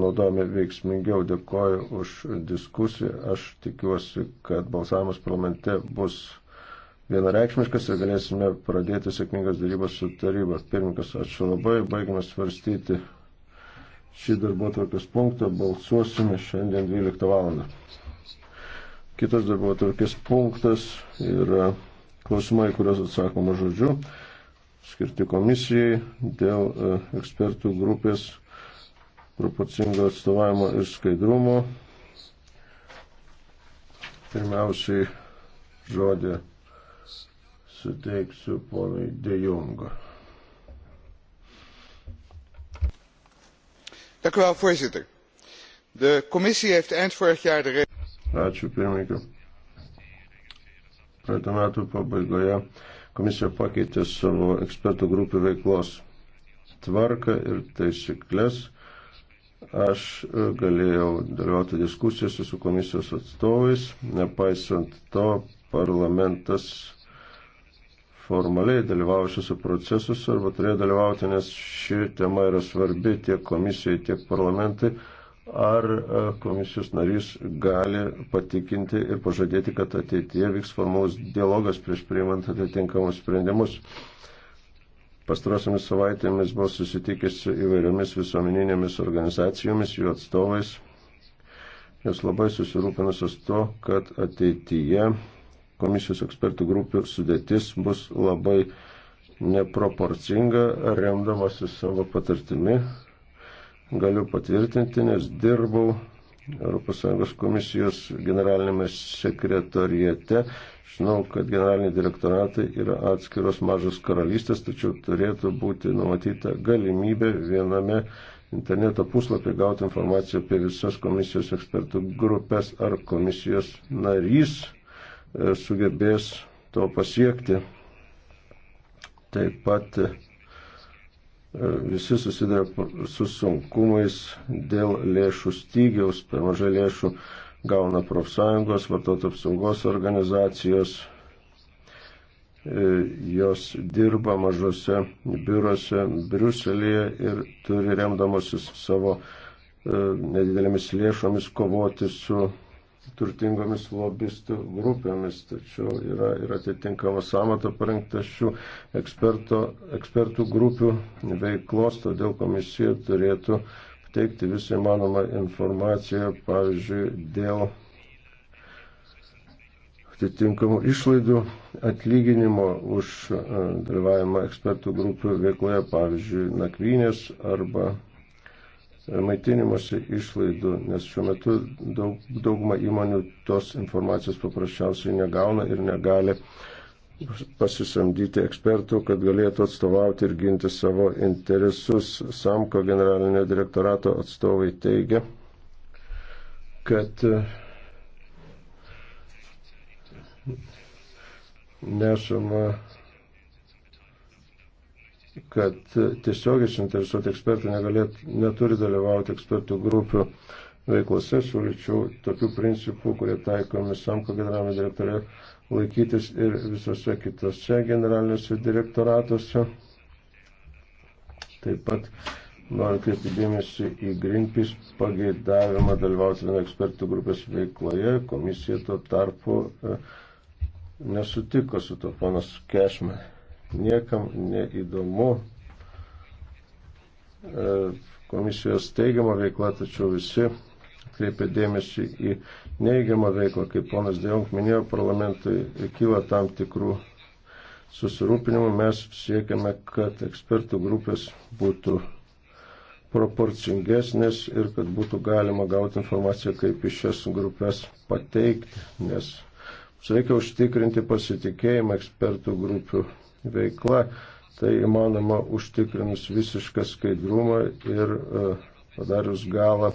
naudojami veiksmingiau. Dėkoju už diskusiją. Aš tikiuosi, kad balsavimas parlamente bus vienareikšmiškas ir galėsime pradėti sėkmingas darybas su taryba. Pirmininkas, ačiū labai. Baigime svarstyti šį darbo tvarkės punktą. Balsuosime šiandien 12 val. Kitas darbo tvarkės punktas yra klausimai, kuriuos atsakoma žodžiu skirti komisijai dėl e, ekspertų grupės proporcingo atstovavimo ir skaidrumo. Pirmiausiai žodį suteiksiu ponui De Jongo. voorzitter de commissie heeft eind vorig jaar de Ačiū pirmininkė. Praeitų metų pabaigoje komisija pakeitė savo ekspertų grupių veiklos tvarką ir taisyklės. Aš e, galėjau dalyvauti diskusijose su komisijos atstovais, nepaisant to parlamentas formaliai dalyvavo šiuose procesuose arba turėjo dalyvauti, nes ši tema yra svarbi tiek komisijai, tiek parlamentai. Ar e, komisijos narys gali patikinti ir pažadėti, kad ateityje vyks formalus dialogas prieš priimant atitinkamus sprendimus. Pastarosiamis savaitėmis buvau susitikęs su įvairiomis visuomeninėmis organizacijomis, jų atstovais. Jos labai susirūpinusios to, kad ateityje komisijos ekspertų grupių sudėtis bus labai neproporcinga, remdamasi savo patirtimi. Galiu patvirtinti, nes dirbau ES komisijos generalinėme sekretorijete Žinau, kad generaliniai direktoratai yra atskiros mažos karalystės, tačiau turėtų būti numatyta galimybė viename interneto puslapį gauti informaciją apie visas komisijos ekspertų grupės ar komisijos narys e, sugebės to pasiekti. Taip pat e, visi susiduria su sunkumais dėl lėšų stygiaus, per mažai lėšų gauna profsąjungos, vartotojų apsaugos organizacijos, e, jos dirba mažose biurose Briuselėje ir turi remdamosis savo e, nedidelėmis lėšomis kovoti su turtingomis lobistų grupėmis, tačiau yra ir atitinkama samata parengta šių eksperto, ekspertų grupių veiklos, todėl komisija turėtų uh, teikti visą įmanomą informaciją, pavyzdžiui, dėl atitinkamų išlaidų atlyginimo už e, dalyvavimą ekspertų grupių veikloje, pavyzdžiui, nakvynės arba e, maitinimuose išlaidų, nes šiuo metu daug, dauguma įmonių tos informacijos paprasčiausiai negauna ir negali uh, pasisamdyti ekspertų, kad galėtų atstovauti ir ginti savo interesus. Samko generalinio direktorato atstovai teigia, kad nešama kad tiesiogiai suinteresuoti ekspertai negalėt, neturi dalyvauti ekspertų grupių veiklose. Siūlyčiau tokių principų, kurie taikomi SAMKO generalinė direktorė, laikytis ir visose kitose generaliniuose direktoratuose. Taip pat noriu kreipti dėmesį į Greenpeace pageidavimą dalyvauti vieno ekspertų grupės veikloje. Komisija tuo tarpu e, nesutiko su to panas Kešme. Niekam neįdomu e, komisijos teigiama veikla, tačiau visi kreipia dėmesį į neįgiamą veiklą, kaip ponas Dėjong minėjo, parlamentui kyla tam tikrų susirūpinimų. Mes siekiame, kad ekspertų grupės būtų proporcingesnės ir kad būtų galima gauti informaciją, kaip iš šias grupės pateikti, nes reikia užtikrinti pasitikėjimą ekspertų grupių veikla. Tai įmanoma užtikrinus visišką skaidrumą ir uh, padarius galą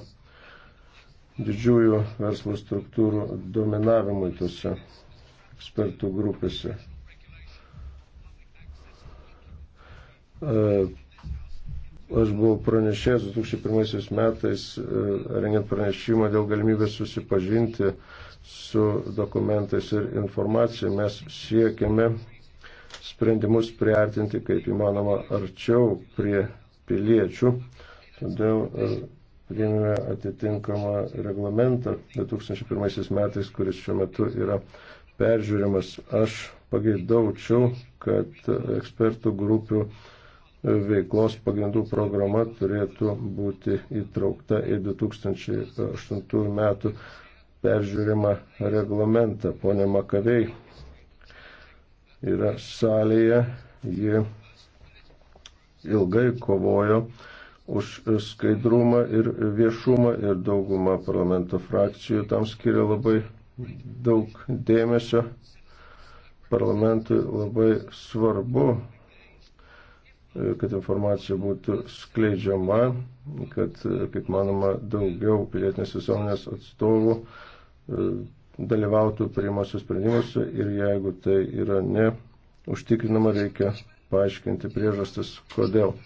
didžiųjų verslo struktūrų dominavimui tose ekspertų grupėse. E, aš buvau pranešėjęs 2001 metais, e, rengiant pranešimą dėl galimybės susipažinti su dokumentais ir informacija. Mes siekiame sprendimus priartinti kaip įmanoma arčiau prie piliečių. Todėl e, priėmėme atitinkamą reglamentą 2001 metais, kuris šiuo metu yra peržiūrimas. Aš pageidaučiau, kad ekspertų grupių veiklos pagrindų programa turėtų būti įtraukta į 2008 metų peržiūrimą reglamentą. Pone Makavei yra salėje, ji ilgai kovojo už skaidrumą ir viešumą ir dauguma parlamento frakcijų tam skiria labai daug dėmesio. Parlamentui labai svarbu, e, kad informacija būtų skleidžiama, kad, e, kaip manoma, daugiau pilietinės visuomenės atstovų e, dalyvautų priimosios sprendimuose ir jeigu tai yra ne užtikrinama, reikia paaiškinti priežastis, kodėl.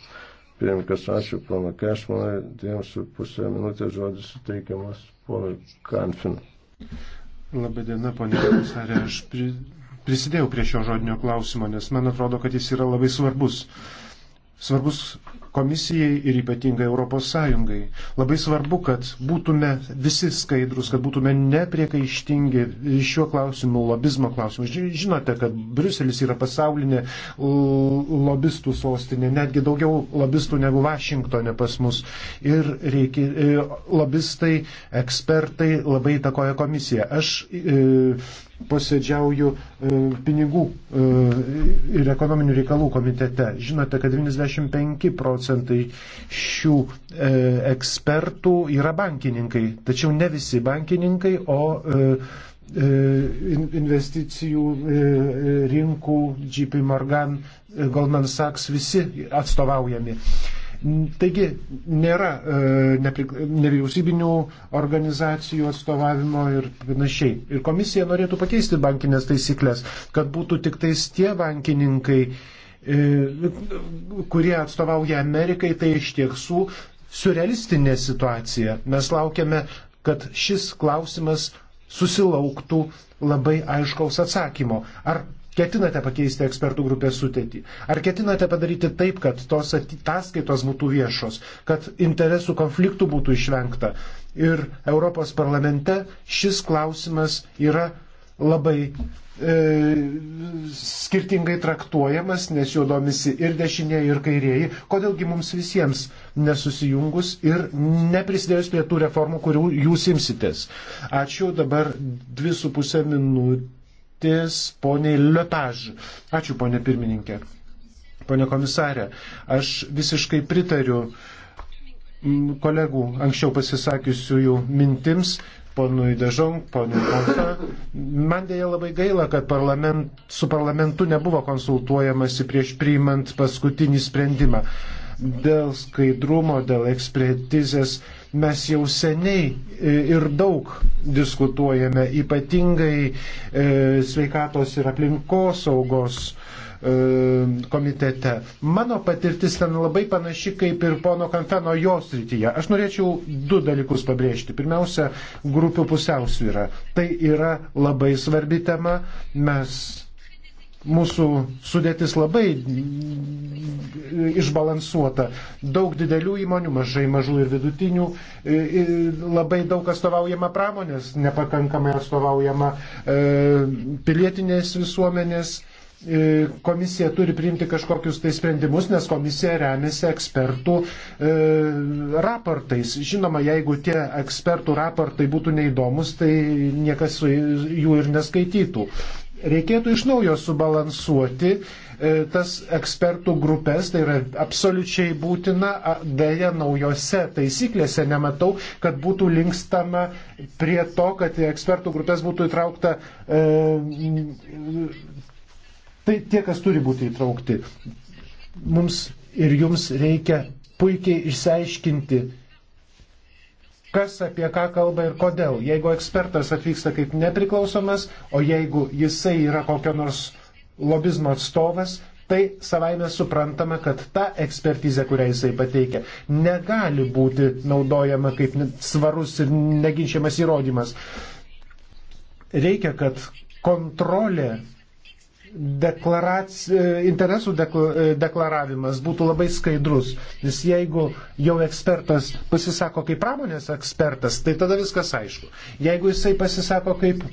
Pirmininkas, ačiū pono Kešmanui, dviems su pusė minutės žodis suteikiamas ponui Kanfinui. Labai diena, ponė komisarė, aš pri, prisidėjau prie šio žodinio klausimo, nes man atrodo, kad jis yra labai svarbus. Svarbus komisijai ir ypatingai Europos Sąjungai. Labai svarbu, kad būtume visi skaidrus, kad būtume nepriekaištingi šiuo klausimu, lobizmo klausimu. Žinote, kad Bruselis yra pasaulinė lobistų sostinė, netgi daugiau lobistų negu Vašingtonė pas mus. Ir reikia, e, lobistai, ekspertai labai įtakoja komisiją. Aš e, posėdžiauju e, pinigų ir ekonominių reikalų komitete. Žinote, kad 95 procentų procentai šių e, ekspertų yra bankininkai, tačiau ne visi bankininkai, o e, e investicijų e, e, rinkų, JP Morgan, Goldman Sachs, visi atstovaujami. Taigi nėra nevyriausybinių organizacijų atstovavimo ir panašiai. Ir komisija norėtų pakeisti bankinės taisyklės, kad būtų tik tais tie bankininkai, E, kurie atstovauja Amerikai, tai iš tiesų surrealistinė situacija. Mes laukiame, kad šis klausimas susilauktų labai aiškaus atsakymo. Ar ketinate pakeisti ekspertų grupės sutėtį? Ar ketinate padaryti taip, kad tos ataskaitos būtų viešos, kad interesų konfliktų būtų išvengta? Ir Europos parlamente šis klausimas yra labai e, skirtingai traktuojamas, nes juo domisi ir dešinėje, ir kairieji. Kodėlgi mums visiems nesusijungus ir neprisidėjus prie tų reformų, kurių jūs imsitės. Ačiū dabar dvi su pusė minutės poniai Lepaž. Ačiū ponė pirmininkė. Pone komisarė, aš visiškai pritariu kolegų anksčiau pasisakiusiųjų mintims ponui Dežong, ponui Konta. Man dėja labai gaila, kad parlament, su parlamentu nebuvo konsultuojamasi prieš priimant paskutinį sprendimą. Dėl skaidrumo, dėl ekspertizės mes jau seniai e, ir daug diskutuojame, ypatingai e, sveikatos ir aplinkosaugos saugos E, komitete. Mano patirtis ten labai panaši kaip ir pono Kanfeno jos rytyje. Aš norėčiau du dalykus pabrėžti. Pirmiausia, grupių pusiausvyrą. Tai yra labai svarbi tema. Mes mūsų sudėtis labai išbalansuota. Daug didelių įmonių, mažai mažų ir vidutinių, labai daug atstovaujama pramonės, nepakankamai atstovaujama e, pilietinės visuomenės E, komisija turi priimti kažkokius tai sprendimus, nes komisija remiasi ekspertų e, raportais. Žinoma, jeigu tie ekspertų raportai būtų neįdomus, tai niekas jų ir neskaitytų. Reikėtų iš naujo subalansuoti e, tas ekspertų grupės, tai yra absoliučiai būtina, dėja naujose taisyklėse nematau, kad būtų linkstama prie to, kad ekspertų grupės būtų įtraukta e, tie, kas turi būti įtraukti. Mums ir jums reikia puikiai išsiaiškinti, kas apie ką kalba ir kodėl. Jeigu ekspertas atvyksta kaip nepriklausomas, o jeigu jisai yra kokio nors lobizmo atstovas, tai savaime suprantama, kad ta ekspertizė, kurią jisai pateikia, negali būti naudojama kaip svarus ir neginčiamas įrodymas. Reikia, kad kontrolė deklarac... interesų deklaravimas būtų labai skaidrus. Nes jeigu jau ekspertas pasisako kaip pramonės ekspertas, tai tada viskas aišku. Jeigu jisai pasisako kaip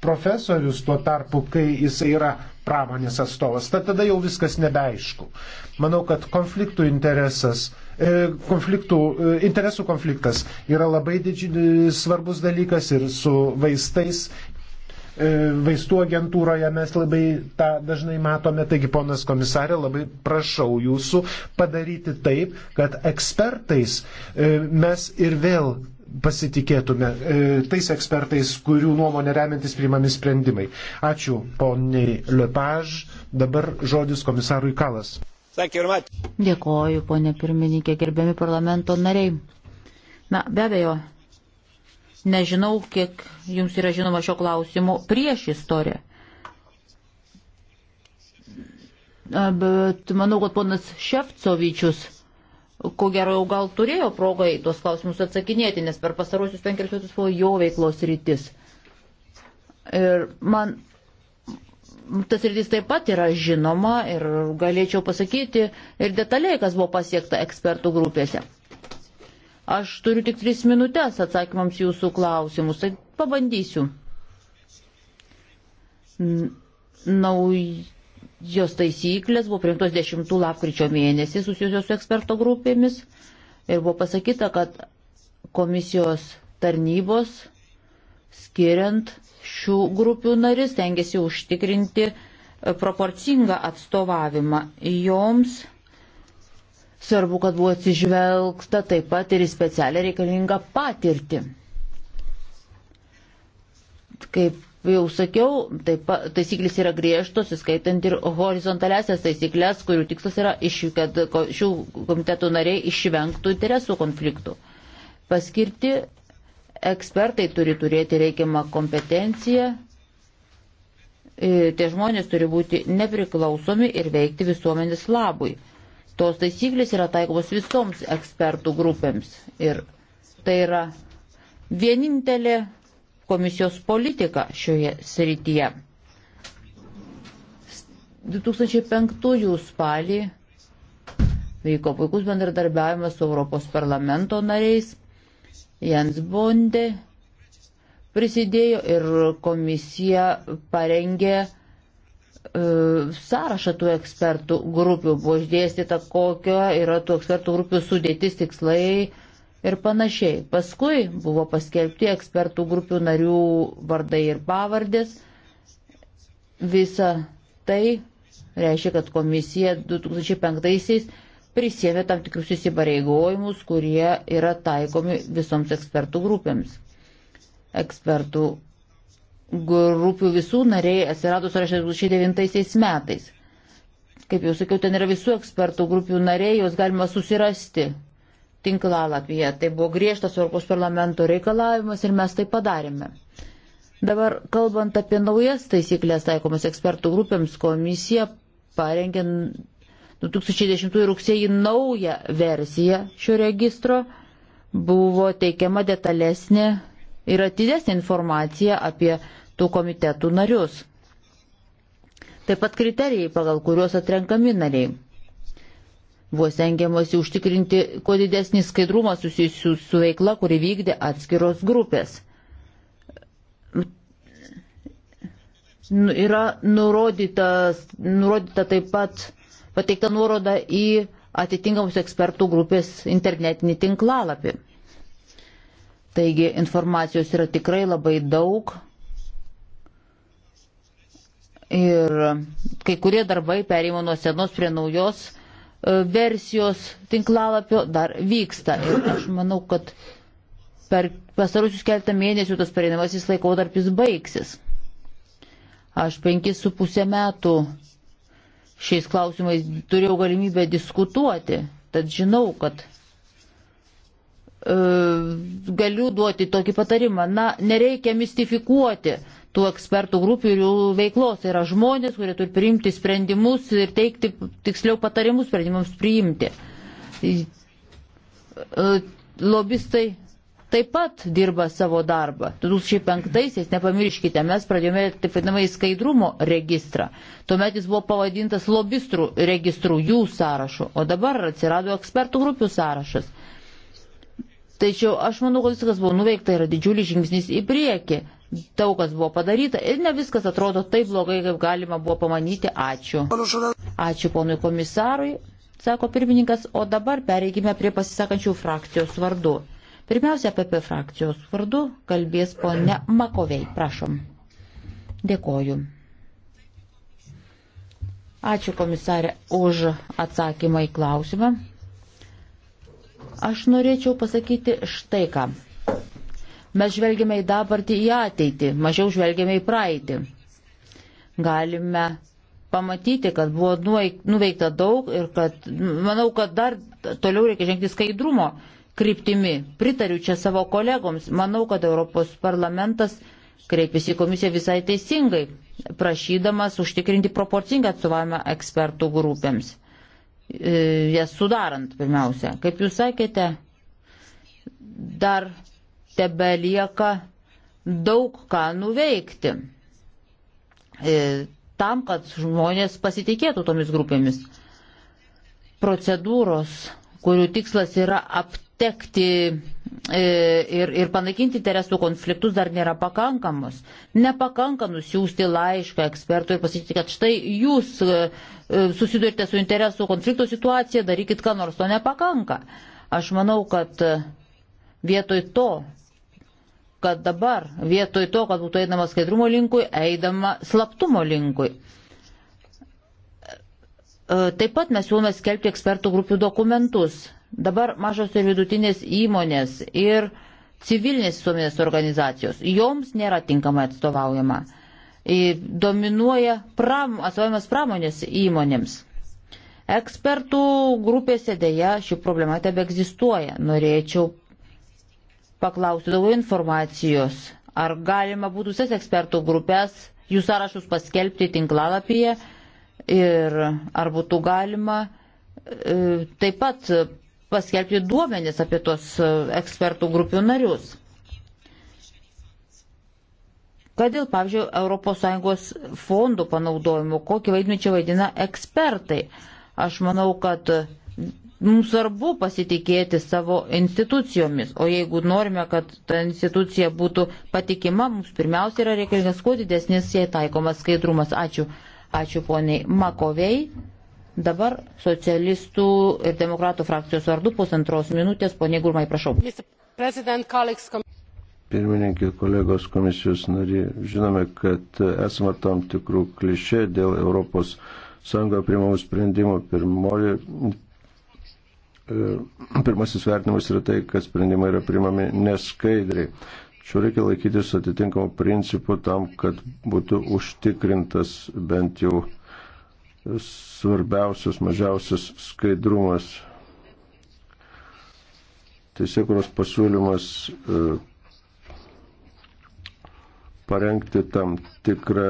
profesorius tuo tarpu, kai jisai yra pramonės atstovas, tai tada jau viskas nebeaišku. Manau, kad konfliktų interesas, e, konfliktų, e, interesų konfliktas yra labai didži, svarbus dalykas ir su vaistais, E, vaistų agentūroje mes labai tą dažnai matome. Taigi, ponas komisarė, labai prašau jūsų padaryti taip, kad ekspertais e, mes ir vėl pasitikėtume e, tais ekspertais, kurių nuomonė remiantis priimami sprendimai. Ačiū poniai Lepaž. Dabar žodis komisarui Kalas. Dėkoju, ponė pirmininkė, gerbiami parlamento nariai. Na, be abejo, Nežinau, kiek jums yra žinoma šio klausimo prieš istoriją. Bet manau, kad ponas Šefcovičius, ko gero jau gal turėjo progai tuos klausimus atsakinėti, nes per pasarosius penkerius metus buvo jo veiklos rytis. Ir man tas rytis taip pat yra žinoma ir galėčiau pasakyti ir detaliai, kas buvo pasiekta ekspertų grupėse. Aš turiu tik tris minutės atsakymams jūsų klausimus, tai pabandysiu. Naujos taisyklės buvo priimtos 10 lapkričio mėnesį susijusios su eksperto grupėmis ir buvo pasakyta, kad komisijos tarnybos skiriant šių grupių narys tengiasi užtikrinti proporcingą atstovavimą. Joms Svarbu, kad buvo atsižvelgta taip pat ir į specialią reikalingą patirtį. Kaip jau sakiau, taip, taisyklės yra griežtos, įskaitant ir horizontalesias taisyklės, kurių tikslas yra, iš, kad šių komitetų nariai išvengtų interesų konfliktų. Paskirti ekspertai turi turėti reikiamą kompetenciją, e, tie žmonės turi būti nepriklausomi ir veikti visuomenės labui. Tos taisyklės yra taikomos visoms ekspertų grupėms ir tai yra vienintelė komisijos politika šioje srityje. 2005 spalį vyko puikus bendradarbiavimas su Europos parlamento nariais. Jens Bondė prisidėjo ir komisija parengė E, sąrašą tų ekspertų grupių, buvo išdėstyta, kokio yra tų ekspertų grupių sudėtis, tikslai ir panašiai. Paskui buvo paskelbti ekspertų grupių narių vardai ir pavardės. Visa tai reiškia, kad komisija 2005-aisiais prisėmė tam tikrus įsipareigojimus, kurie yra taikomi visoms ekspertų grupėms. Ekspertų grupių visų nariai atsirado sąrašas 2009 metais. Kaip jau sakiau, ten yra visų ekspertų grupių nariai, juos galima susirasti tinklalapyje. Tai buvo griežtas Europos parlamento reikalavimas ir mes tai padarėme. Dabar, kalbant apie naujas taisyklės taikomas ekspertų grupėms, komisija parengė 2010 rugsėjį naują versiją šio registro. Buvo teikiama detalesnė ir atidesnė informacija apie tų komitetų narius. Taip pat kriterijai, pagal kuriuos atrenkami nariai. Buvo stengiamasi užtikrinti kuo didesnį skaidrumą susijusiu su veikla, kuri vykdė atskiros grupės. Nu, yra nurodyta, nurodyta taip pat pateikta nuoroda į atitinkamus ekspertų grupės internetinį tinklalapį. Taigi informacijos yra tikrai labai daug, Ir kai kurie darbai perimo nuo senos prie naujos e, versijos tinklalapio dar vyksta. Ir aš manau, kad per pasarusius keltą mėnesių tas pereinamasis laikotarpis baigsis. Aš penkis su pusę metų šiais klausimais turėjau galimybę diskutuoti, tad žinau, kad e, galiu duoti tokį patarimą. Na, nereikia mistifikuoti tų ekspertų grupių ir jų veiklos. Tai yra žmonės, kurie turi priimti sprendimus ir teikti tiksliau patarimus sprendimams priimti. E, lobistai taip pat dirba savo darbą. 2005-aisiais, nepamirškite, mes pradėjome taip vadinamai skaidrumo registrą. Tuomet jis buvo pavadintas lobistrų registrų, jų sąrašu, o dabar atsirado ekspertų grupių sąrašas. Tačiau aš manau, kad viskas buvo nuveikta, yra didžiulis žingsnis į priekį daug kas buvo padaryta ir ne viskas atrodo taip blogai, kaip galima buvo pamanyti. Ačiū. Ačiū ponui komisarui, sako pirmininkas, o dabar pereikime prie pasisakančių frakcijos vardu. Pirmiausia, PP frakcijos vardu kalbės ponia Makovei. Prašom. Dėkoju. Ačiū komisarė už atsakymą į klausimą. Aš norėčiau pasakyti štai ką. Mes žvelgiame į dabartį, į ateitį, mažiau žvelgiame į praeitį. Galime pamatyti, kad buvo nuveikta daug ir kad, manau, kad dar toliau reikia žengti skaidrumo kryptimi. Pritariu čia savo kolegoms. Manau, kad Europos parlamentas kreipėsi į komisiją visai teisingai, prašydamas užtikrinti proporcingą atstovavimą ekspertų grupėms. E, jas sudarant pirmiausia. Kaip jūs sakėte, dar tebe lieka daug ką nuveikti e, tam, kad žmonės pasitikėtų tomis grupėmis. Procedūros, kurių tikslas yra aptekti e, ir, ir panaikinti interesų konfliktus, dar nėra pakankamos. Nepakanka nusiųsti laišką ekspertui ir pasakyti, kad štai jūs e, susidurite su interesų konflikto situacija, darykit ką nors, to nepakanka. Aš manau, kad vietoj to kad dabar vietoj to, kad būtų einama skaidrumo linkui, eidama slaptumo linkui. E, taip pat mes siūlome skelbti ekspertų grupių dokumentus. Dabar mažos ir vidutinės įmonės ir civilinės visuomenės organizacijos, joms nėra tinkamai atstovaujama. E, dominuoja pram, atstovavimas pramonės įmonėms. Ekspertų grupėse dėja ši problema tebe egzistuoja. Norėčiau paklausti daugiau informacijos, ar galima būtų visas ekspertų grupės, jų sąrašus paskelbti tinklalapyje ir ar būtų galima e, taip pat paskelbti duomenis apie tos e, ekspertų grupių narius. Kad dėl, pavyzdžiui, ES fondų panaudojimo, kokį vaidmenį čia vaidina ekspertai. Aš manau, kad Mums svarbu pasitikėti savo institucijomis, o jeigu norime, kad ta institucija būtų patikima, mums pirmiausia yra reikalingas kuo didesnis jai taikomas skaidrumas. Ačiū. Ačiū poniai Makovei. Dabar socialistų ir demokratų frakcijos vardu pusantros minutės. Pone Gurmai, prašau. Pirmininkė, kolegos komisijos nariai, žinome, kad esame tam tikrų klišė dėl Europos Sąjungoje primamų sprendimų. Pirmoji E, pirmasis vertinimas yra tai, kad sprendimai yra primami neskaidriai. Čia reikia laikytis atitinkamų principų tam, kad būtų užtikrintas bent jau svarbiausias, mažiausias skaidrumas. Teisėkuros pasiūlymas e, parengti tam tikrą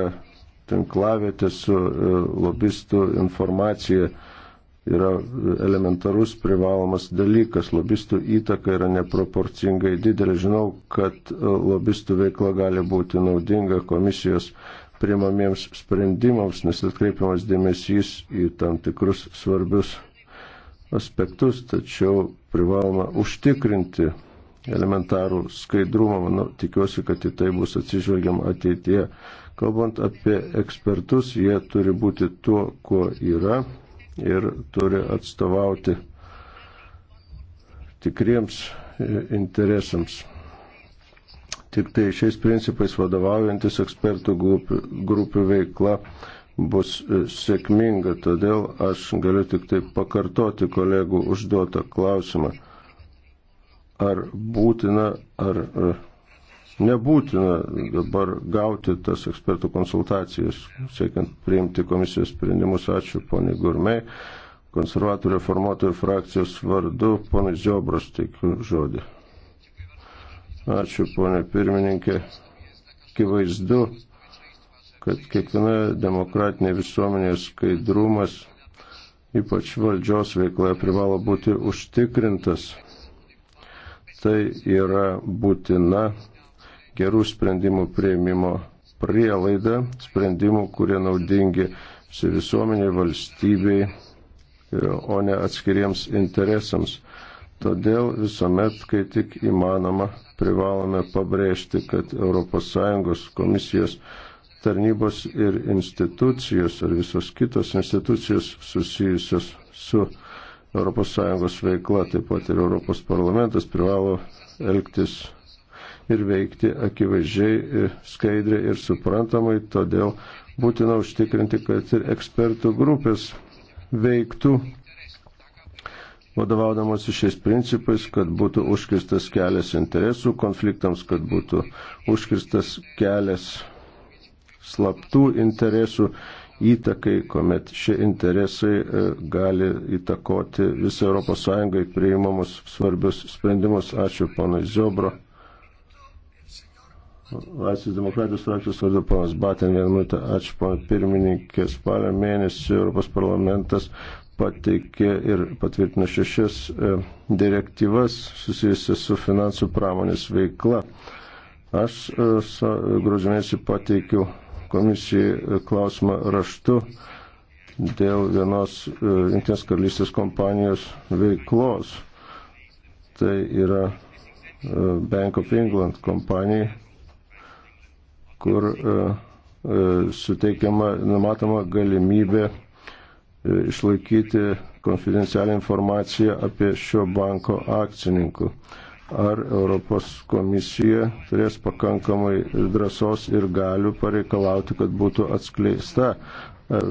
tinklavietę su e, lobistų informacija yra elementarus privalomas dalykas. Lobistų įtaka yra neproporcingai didelė. Žinau, kad e, lobistų veikla gali būti naudinga komisijos primamiems sprendimams, nes atkreipiamas dėmesys į tam tikrus svarbius aspektus, tačiau privaloma užtikrinti elementarų skaidrumą. Manau, tikiuosi, kad į tai bus atsižvelgiam ateityje. Kalbant apie ekspertus, jie turi būti tuo, kuo yra ir turi atstovauti tikriems e, interesams. Tik tai šiais principais vadovaujantis ekspertų grupių, grupių veikla bus e, sėkminga, todėl aš galiu tik tai pakartoti kolegų užduotą klausimą. Ar būtina, ar e, nebūtina dabar gauti tas ekspertų konsultacijas, siekiant priimti komisijos sprendimus. Ačiū, ponė Gurmei. Konservatorių reformuotojų frakcijos vardu, ponė Ziobras, teikiu žodį. Ačiū, ponė pirmininkė. Kivaizdu, kad kiekviena demokratinė visuomenė skaidrumas, ypač valdžios veikloje, privalo būti užtikrintas. Tai yra būtina gerų sprendimų prieimimo prielaidą, sprendimų, kurie naudingi visuomeniai, valstybei, e, o ne atskiriems interesams. Todėl visuomet, kai tik įmanoma, privalome pabrėžti, kad ES komisijos tarnybos ir institucijos ar visos kitos institucijos susijusios su ES veikla, taip pat ir ES parlamentas privalo elgtis ir veikti akivaizdžiai, skaidriai ir suprantamai, todėl būtina užtikrinti, kad ir ekspertų grupės veiktų vadovaudamosi šiais principais, kad būtų užkirstas kelias interesų konfliktams, kad būtų užkirstas kelias slaptų interesų įtakai, kuomet šie interesai e, gali įtakoti visą ES priimamus svarbius sprendimus. Ačiū ponui Ziobro. Laisvės demokratijos frakcijos vardu ponas Batin vieną minutę. Ačiū, pana pirmininkė. Spalio mėnesį Europos parlamentas pateikė ir patvirtino šešias e, direktyvas susijusias su finansų pramonės veikla. Aš e, gruodžio mėnesį pateikiau komisijai e, klausimą raštu dėl vienos Junktinės karalystės kompanijos veiklos. Tai yra Bank of England kompanijai kur e, e, suteikiama, numatoma galimybė e, išlaikyti konfidencialią informaciją apie šio banko akcininkų. Ar Europos komisija turės pakankamai drąsos ir galių pareikalauti, kad būtų atskleista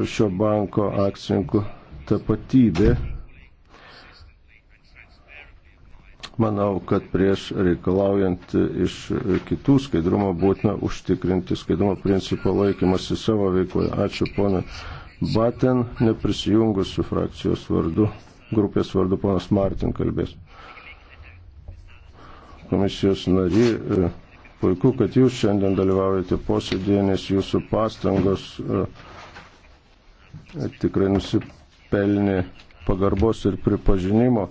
šio banko akcininkų tapatybė Manau, kad prieš reikalaujant iš kitų skaidrumo būtina užtikrinti skaidrumo principo laikymasi savo veikloje. Ačiū ponai Baten, neprisijungusių frakcijos vardu, grupės vardu ponas Martin kalbės. Komisijos nari, e, puiku, kad jūs šiandien dalyvaujate posėdėje, nes jūsų pastangos e, tikrai nusipelnė pagarbos ir pripažinimo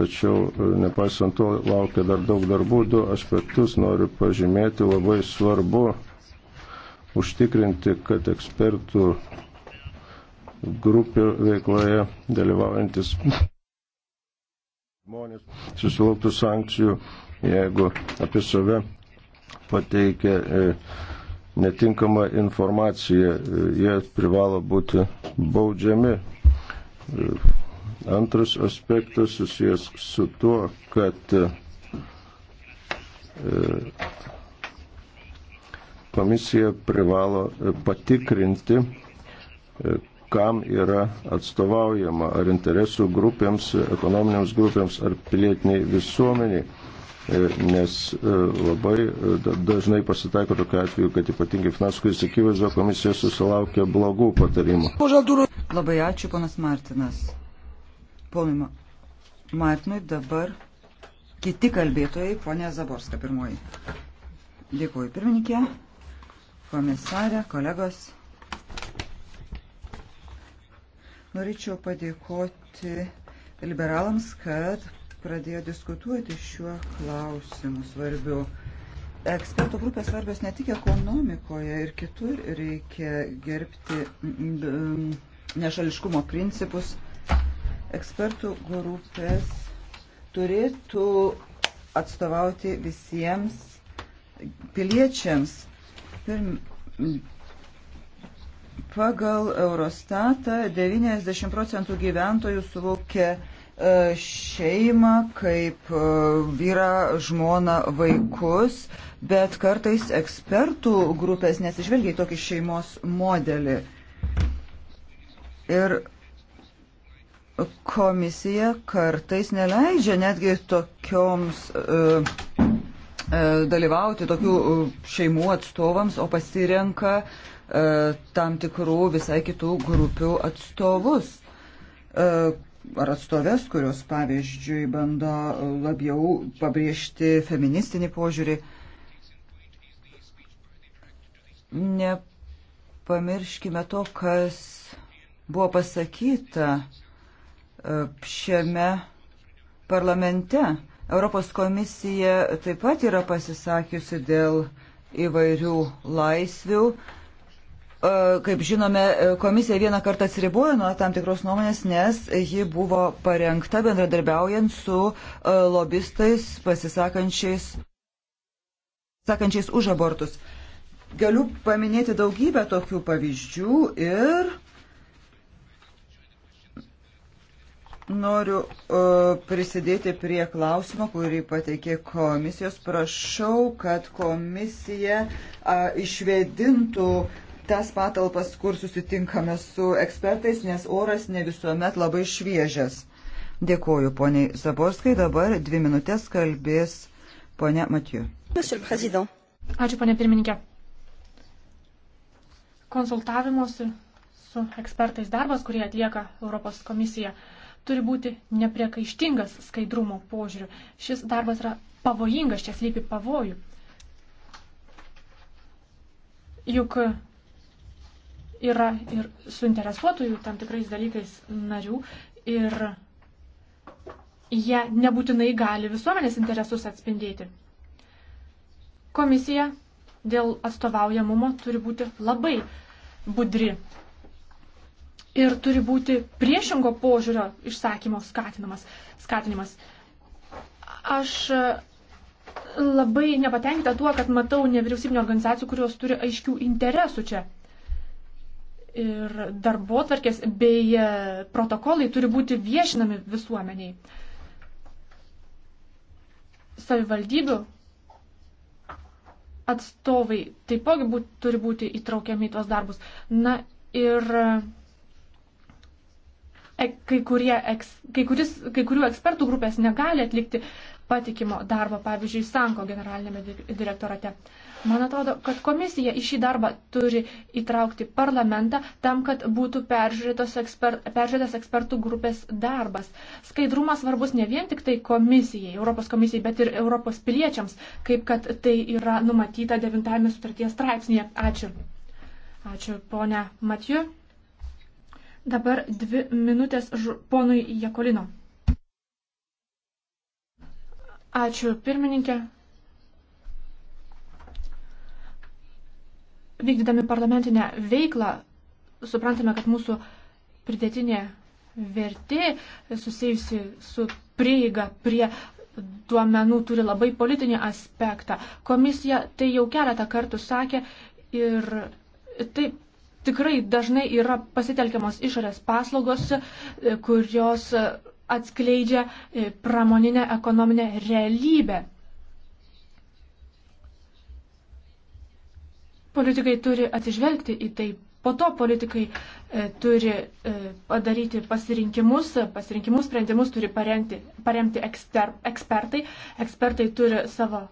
Tačiau, e, nepaisant to, laukia dar daug darbų. Du aspektus noriu pažymėti. Labai svarbu užtikrinti, kad ekspertų grupių veikloje dalyvaujantis žmonės susilauktų sankcijų, jeigu apie save pateikia e, netinkamą informaciją. E, jie privalo būti baudžiami Antras aspektas susijęs su tuo, kad e, komisija privalo e, patikrinti, e, kam yra atstovaujama, ar interesų grupėms, ekonominiams grupėms, ar pilietiniai visuomeniai. Nes labai dažnai pasitaiko tokio atveju, kad ypatingai finansų krizės akivaizdo komisija susilaukia blogų patarimų. Labai ačiū, panas Martinas. Ponui Martinui dabar kiti kalbėtojai, ponė Zaborska pirmoji. Dėkuoju pirmininkė, komisarė, kolegos. Norėčiau padėkoti liberalams, kad pradėjo diskutuoti šiuo klausimu svarbiu. Ekspertų grupės svarbios ne tik ekonomikoje ir kitur reikia gerbti nešališkumo principus. Ekspertų grupės turėtų atstovauti visiems piliečiams. Pirm, pagal Eurostatą 90 procentų gyventojų suvokia e, šeimą kaip e, vyrą, žmoną, vaikus, bet kartais ekspertų grupės nesižvelgia į tokį šeimos modelį. Ir komisija kartais neleidžia netgi tokioms e, e, dalyvauti tokių e, šeimų atstovams, o pasirenka tam tikrų visai kitų grupių atstovus ar atstoves, kurios pavyzdžiui bando labiau pabrėžti feministinį požiūrį. Nepamirškime to, kas buvo pasakyta šiame parlamente. Europos komisija taip pat yra pasisakiusi dėl įvairių laisvių. E, kaip žinome, komisija vieną kartą atsiribojo nuo tam tikros nuomonės, nes ji buvo parengta bendradarbiaujant su e, lobistais pasisakančiais sakančiais už abortus. Galiu paminėti daugybę tokių pavyzdžių ir Noriu uh, prisidėti prie klausimo, kurį pateikė komisijos. Prašau, kad komisija uh, e, išvedintų tas patalpas, kur susitinkame su ekspertais, nes oras ne visuomet labai šviežias. Dėkuoju, poniai Zaborskai. Dabar dvi minutės kalbės ponia Matiju. Ačiū, ponia pirmininkė. Konsultavimuose su ekspertais darbas, kurį atlieka Europos komisija. Uh, turi būti nepriekaištingas skaidrumo požiūriu. Šis darbas yra pavojingas, čia slypi pavojų. Juk yra ir suinteresuotųjų tam tikrais dalykais narių ir jie nebūtinai gali visuomenės interesus atspindėti. Komisija dėl atstovaujamumo turi būti labai budri ir turi būti priešingo požiūrio išsakymo skatinamas. skatinimas. Aš e, labai nepatenkinta tuo, kad matau nevyriausybinio organizacijų, kurios turi aiškių interesų čia. Ir darbo tvarkės bei e, protokolai turi būti viešinami visuomeniai. Savivaldybių atstovai taipogi būt, turi būti įtraukiami į tuos darbus. Na ir E, kai, kurie, kai, kuris, kai kurių ekspertų grupės negali atlikti patikimo darbo, pavyzdžiui, Sanko generalinėme direktorate. Man atrodo, kad komisija į šį darbą turi įtraukti parlamentą tam, kad būtų peržiūrėtas, eksper, peržiūrėtas ekspertų grupės darbas. Skaidrumas svarbus ne vien tik tai komisijai, Europos komisijai, bet ir Europos piliečiams, kaip kad tai yra numatyta 9 sutarties straipsnėje. Ačiū. Ačiū, ponia Matiju. Dabar dvi minutės ponui Jekolino. Ačiū pirmininkė. Vykdydami parlamentinę veiklą, suprantame, kad mūsų pridėtinė vertė susijusi su prieiga prie duomenų turi labai politinį aspektą. Komisija tai jau keletą kartų sakė ir taip tikrai dažnai yra pasitelkiamos išorės paslaugos, e, kurios e, atskleidžia e, pramoninę ekonominę realybę. Politikai turi atsižvelgti į tai. Po to politikai e, turi e, padaryti pasirinkimus, pasirinkimus sprendimus turi paremti, paremti ekster, ekspertai. Ekspertai turi savo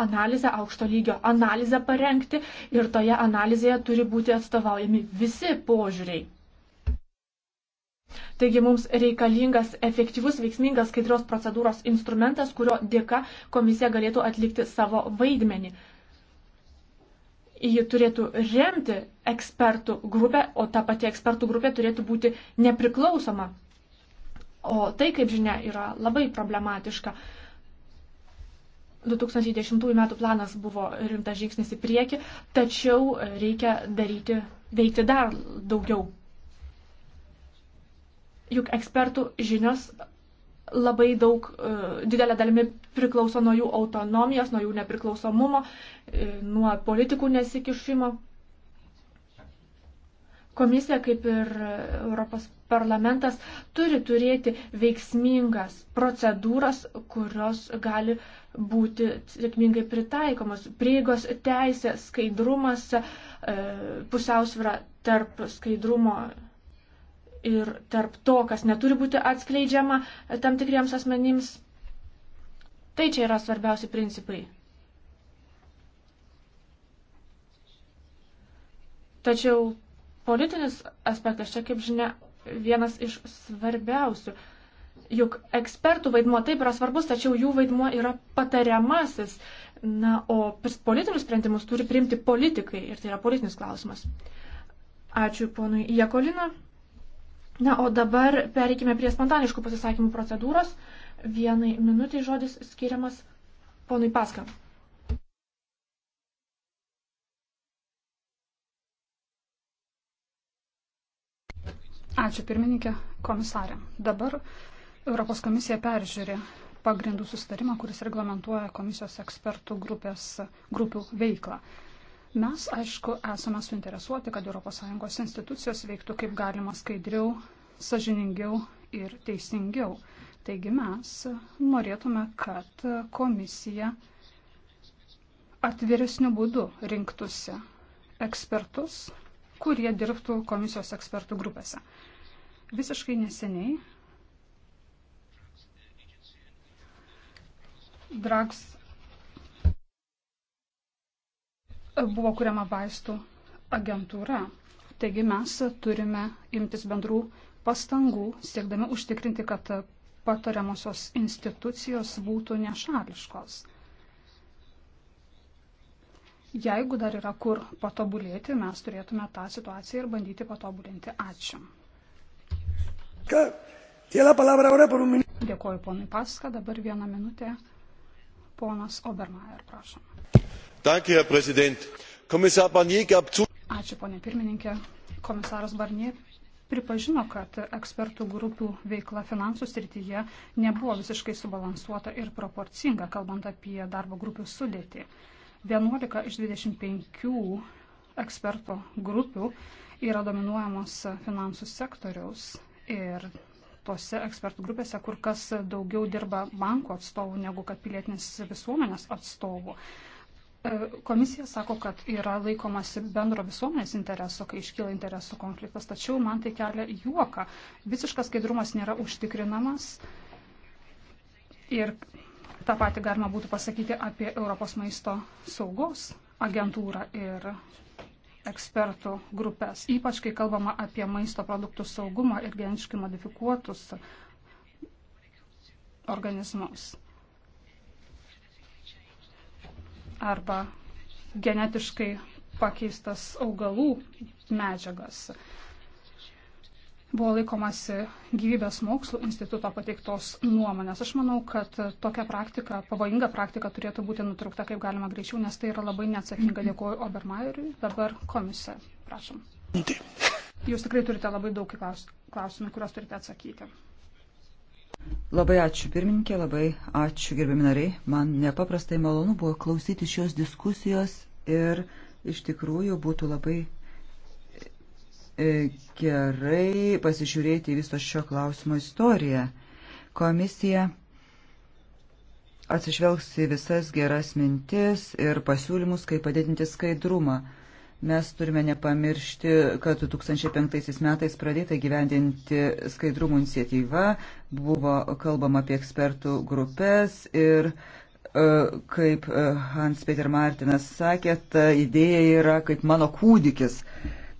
analizę, aukšto lygio analizę parengti ir toje analizėje turi būti atstovaujami visi požiūriai. Taigi mums reikalingas efektyvus, veiksmingas skaidrios procedūros instrumentas, kurio dėka komisija galėtų atlikti savo vaidmenį. Ji turėtų remti ekspertų grupę, o ta pati ekspertų grupė turėtų būti nepriklausoma. O tai, kaip žinia, yra labai problematiška. 2010 m. planas buvo rimtas žingsnis į priekį, tačiau reikia daryti, veikti dar daugiau. Juk ekspertų žinios labai daug, e, didelė dalimi priklauso nuo jų autonomijos, nuo jų nepriklausomumo, e, nuo politikų nesikišimo. Komisija, kaip ir Europos parlamentas turi turėti veiksmingas procedūras, kurios gali būti sėkmingai pritaikomos. Prieigos teisė, skaidrumas, e, pusiausvėra tarp skaidrumo ir tarp to, kas neturi būti atskleidžiama tam tikriems asmenims. Tai čia yra svarbiausi principai. Tačiau politinis aspektas čia, kaip žinia, vienas iš svarbiausių. Juk ekspertų vaidmuo taip yra svarbus, tačiau jų vaidmuo yra patariamasis. Na, o politinius sprendimus turi priimti politikai ir tai yra politinis klausimas. Ačiū ponui Jekolina. Na, o dabar pereikime prie spontaniškų pasisakymų procedūros. Vienai minutiai žodis skiriamas ponui Paskam. Ačiū pirmininkė komisarė. Dabar Europos komisija peržiūri pagrindų sustarimą, kuris reglamentuoja komisijos ekspertų grupės, grupių veiklą. Mes, aišku, esame suinteresuoti, kad ES institucijos veiktų kaip galima skaidriau, sažiningiau ir teisingiau. Taigi mes norėtume, kad komisija atviresniu būdu rinktųsi ekspertus kurie dirbtų komisijos ekspertų grupėse. Visiškai neseniai Drags buvo kuriama vaistų agentūra. Taigi mes turime imtis bendrų pastangų, siekdami užtikrinti, kad patariamosios institucijos būtų nešališkos. Jeigu dar yra kur patobulėti, mes turėtume tą situaciją ir bandyti patobulinti. Ačiū. Dėkuoju ponui Paska, dabar vieną minutę. Ponas Obermeier, prašom. Ačiū, ponė pirmininkė. Komisaras Barnie pripažino, kad ekspertų grupių veikla finansų srityje nebuvo visiškai subalansuota ir proporcinga, kalbant apie darbo grupių sudėtį. 11 iš 25 eksperto grupių yra dominuojamos finansų sektoriaus ir tose ekspertų grupėse kur kas daugiau dirba banko atstovų negu kad pilietinės visuomenės atstovų. E, komisija sako, kad yra laikomasi bendro visuomenės intereso, kai iškyla interesų konfliktas, tačiau man tai kelia juoką. Visiškas skaidrumas nėra užtikrinamas ir Ta pati galima būtų pasakyti apie Europos maisto saugos agentūrą ir ekspertų grupės, ypač kai kalbama apie maisto produktų saugumą ir geniškai modifikuotus organizmus. Arba genetiškai pakeistas augalų medžiagas buvo laikomasi gyvybės mokslų instituto pateiktos nuomonės. Aš manau, kad tokia praktika, pavojinga praktika turėtų būti nutraukta kaip galima greičiau, nes tai yra labai neatsakinga. Dėkuoju Obermajeriui. Dabar komisija. Prašom. Jūs tikrai turite labai daug klausimų, kuriuos turite atsakyti. Labai ačiū pirmininkė, labai ačiū gerbiami nariai. Man nepaprastai malonu buvo klausyti šios diskusijos ir iš tikrųjų būtų labai E, gerai pasižiūrėti į viso šio klausimo istoriją. Komisija atsižvelgs į visas geras mintis ir pasiūlymus, kaip padidinti skaidrumą. Mes turime nepamiršti, kad 2005 metais pradėta gyvendinti skaidrumų iniciatyva, buvo kalbama apie ekspertų grupės ir e, kaip e, Hans Peter Martinas sakė, ta idėja yra kaip mano kūdikis.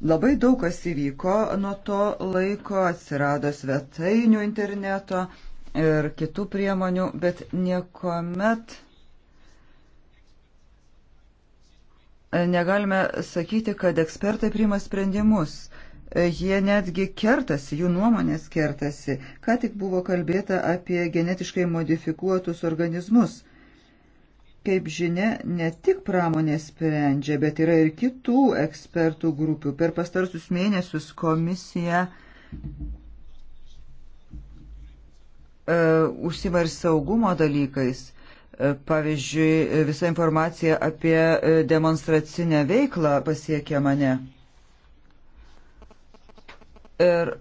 Labai daug kas įvyko nuo to laiko, atsirado svetainių interneto ir kitų priemonių, bet niekuomet negalime sakyti, kad ekspertai priima sprendimus. Jie netgi kertasi, jų nuomonės kertasi. Ką tik buvo kalbėta apie genetiškai modifikuotus organizmus. Kaip žinia, ne tik pramonė sprendžia, bet yra ir kitų ekspertų grupių. Per pastarusius mėnesius komisija uh, e, užsivar saugumo dalykais. Uh, pavyzdžiui, visa informacija apie uh, demonstracinę veiklą pasiekė mane. Ir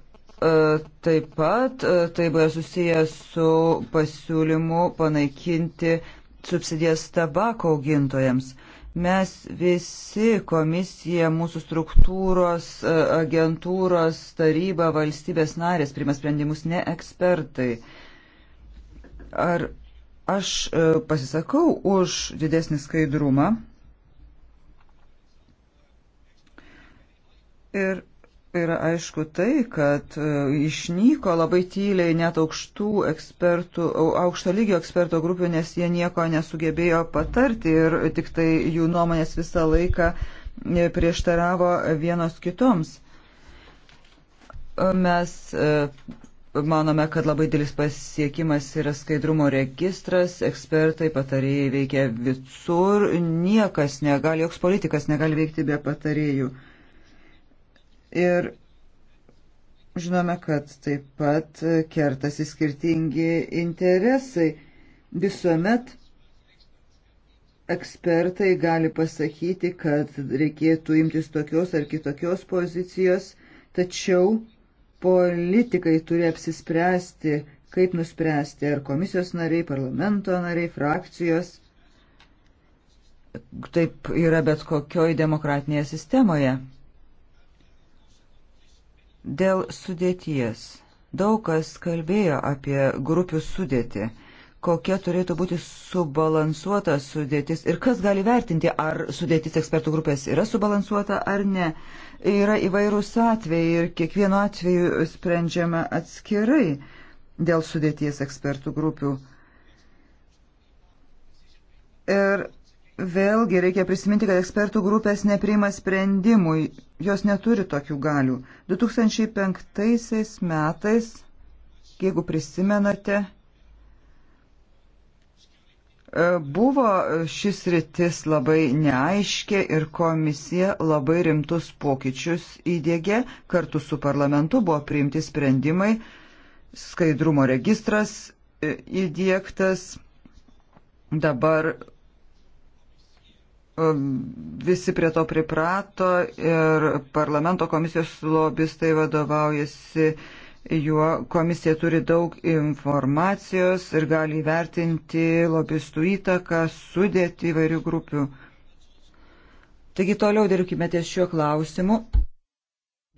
taip pat tai buvo susijęs su pasiūlymu panaikinti uh, subsidijas tabako augintojams. Mes visi, komisija, mūsų struktūros, e, agentūros, taryba, valstybės narės priima sprendimus, ne ekspertai. Ar aš e, pasisakau už didesnį skaidrumą? Ir yra aišku tai, kad e, išnyko labai tyliai net aukštų ekspertų, aukšto lygio eksperto grupių, nes jie nieko nesugebėjo patarti ir tik tai jų nuomonės visą laiką e, prieštaravo vienos kitoms. E, mes manome, kad labai dėlis pasiekimas yra skaidrumo registras, ekspertai, patarėjai veikia visur, niekas negali, joks politikas negali veikti be patarėjų. Ir žinome, kad taip pat kertasi skirtingi interesai. Visuomet ekspertai gali pasakyti, kad reikėtų imtis tokios ar kitokios pozicijos, tačiau politikai turi apsispręsti, kaip nuspręsti, ar komisijos nariai, parlamento nariai, frakcijos. Taip yra bet kokioj demokratinėje sistemoje. Dėl sudėties. Daug kas kalbėjo apie grupių sudėtį, kokia turėtų būti subalansuota sudėtis ir kas gali vertinti, ar sudėtis ekspertų grupės yra subalansuota ar ne. Yra įvairūs atvejai ir kiekvienu atveju sprendžiama atskirai dėl sudėties ekspertų grupių. Ir Vėlgi reikia prisiminti, kad ekspertų grupės nepriima sprendimui, jos neturi tokių galių. 2005 metais, jeigu prisimenate, e, buvo šis rytis labai neaiškė ir komisija labai rimtus pokyčius įdėgė, kartu su parlamentu buvo priimti sprendimai, skaidrumo registras e, įdėktas, dabar visi prie to priprato ir parlamento komisijos lobistai vadovaujasi juo komisija turi daug informacijos ir gali įvertinti lobistų įtaką, sudėti įvairių grupių. Taigi toliau dirbkime ties šiuo klausimu,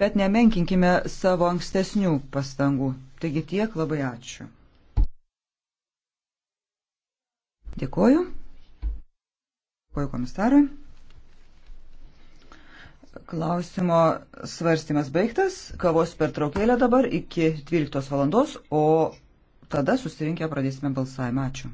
bet nemenkinkime savo ankstesnių pastangų. Taigi tiek labai ačiū. Dėkuoju. Poi komisarui. Klausimo svarstymas baigtas. Kavos pertraukėlė dabar iki 12 valandos, o tada susirinkę pradėsime balsavimą. Ačiū.